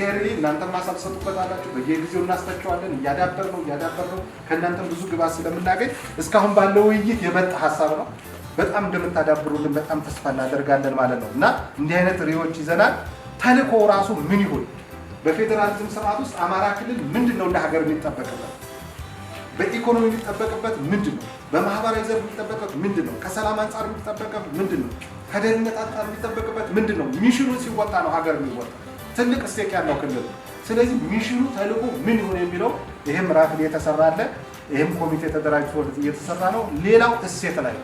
ይሄ ሪሊ እናንተ ማሳብሰጡበት አላችሁ። በየጊዜው እናስተቸዋለን። እያዳበር ነው እያዳበር ነው። ከእናንተም ብዙ ግባት ስለምናገኝ እስካሁን ባለው ውይይት የመጣ ሀሳብ ነው። በጣም እንደምታዳብሩልን በጣም ተስፋ እናደርጋለን ማለት ነው እና እንዲህ አይነት ሪዎች ይዘናል። ተልኮ ራሱ ምን ይሆን በፌዴራሊዝም ስርዓት ውስጥ አማራ ክልል ምንድን ነው እንደ ሀገር የሚጠበቅበት በኢኮኖሚ የሚጠበቅበት ምንድን ነው? በማህበራዊ ዘርፍ የሚጠበቅበት ምንድን ነው? ከሰላም አንጻር የሚጠበቅበት ምንድን ነው? ከደህንነት አንጻር የሚጠበቅበት ምንድን ነው? ሚሽኑ ሲወጣ ነው ሀገር የሚወጣ ትልቅ ስቴክ ያለው ክልል። ስለዚህ ሚሽኑ ተልዕኮ ምን ይሁን የሚለው ይህም ራፍ የተሰራ አለ። ይህም ኮሚቴ ተደራጅቶ እየተሰራ ነው። ሌላው እሴት ላይ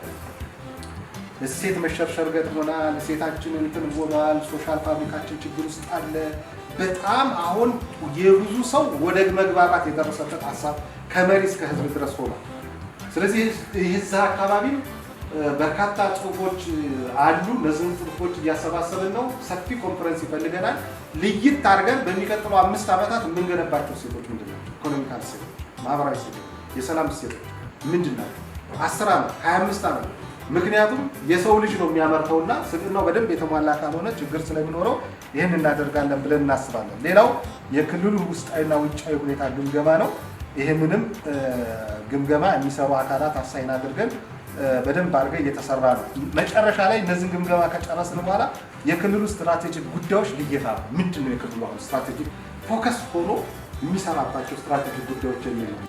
እሴት መሸርሸር ገጥሞናል። እሴታችን እንትን ጎሏል። ሶሻል ፋብሪካችን ችግር ውስጥ አለ። በጣም አሁን የብዙ ሰው ወደ መግባባት የደረሰበት ሀሳብ ከመሪ እስከ ህዝብ ድረስ ሆኗል። ስለዚህ ይህዛ አካባቢ በርካታ ጽሁፎች አሉ። እነዚህን ጽሁፎች እያሰባሰብን ነው። ሰፊ ኮንፈረንስ ይፈልገናል። ልይት አድርገን በሚቀጥሉ አምስት ዓመታት የምንገነባቸው ሴቶች ምንድን ናቸው? ኢኮኖሚካል ሴ ማህበራዊ ሴ የሰላም ሴ ምንድን ናቸው? አስር ዓመት ሀያ አምስት ዓመት ምክንያቱም የሰው ልጅ ነው የሚያመርተውና ስልናው በደንብ የተሟላ ካልሆነ ችግር ስለሚኖረው ይህን እናደርጋለን ብለን እናስባለን። ሌላው የክልሉ ውስጣዊና ውጫዊ ሁኔታ ግምገማ ነው። ይህንንም ግምገማ የሚሰሩ አካላት አሳይን አድርገን በደንብ አድርገ እየተሰራ ነው። መጨረሻ ላይ እነዚህን ግምገማ ከጨረስን በኋላ የክልሉ ስትራቴጂክ ጉዳዮች ልየታ ምንድን ነው የክልሉ አሁን ስትራቴጂክ ፎከስ ሆኖ የሚሰራባቸው ስትራቴጂክ ጉዳዮች የሚል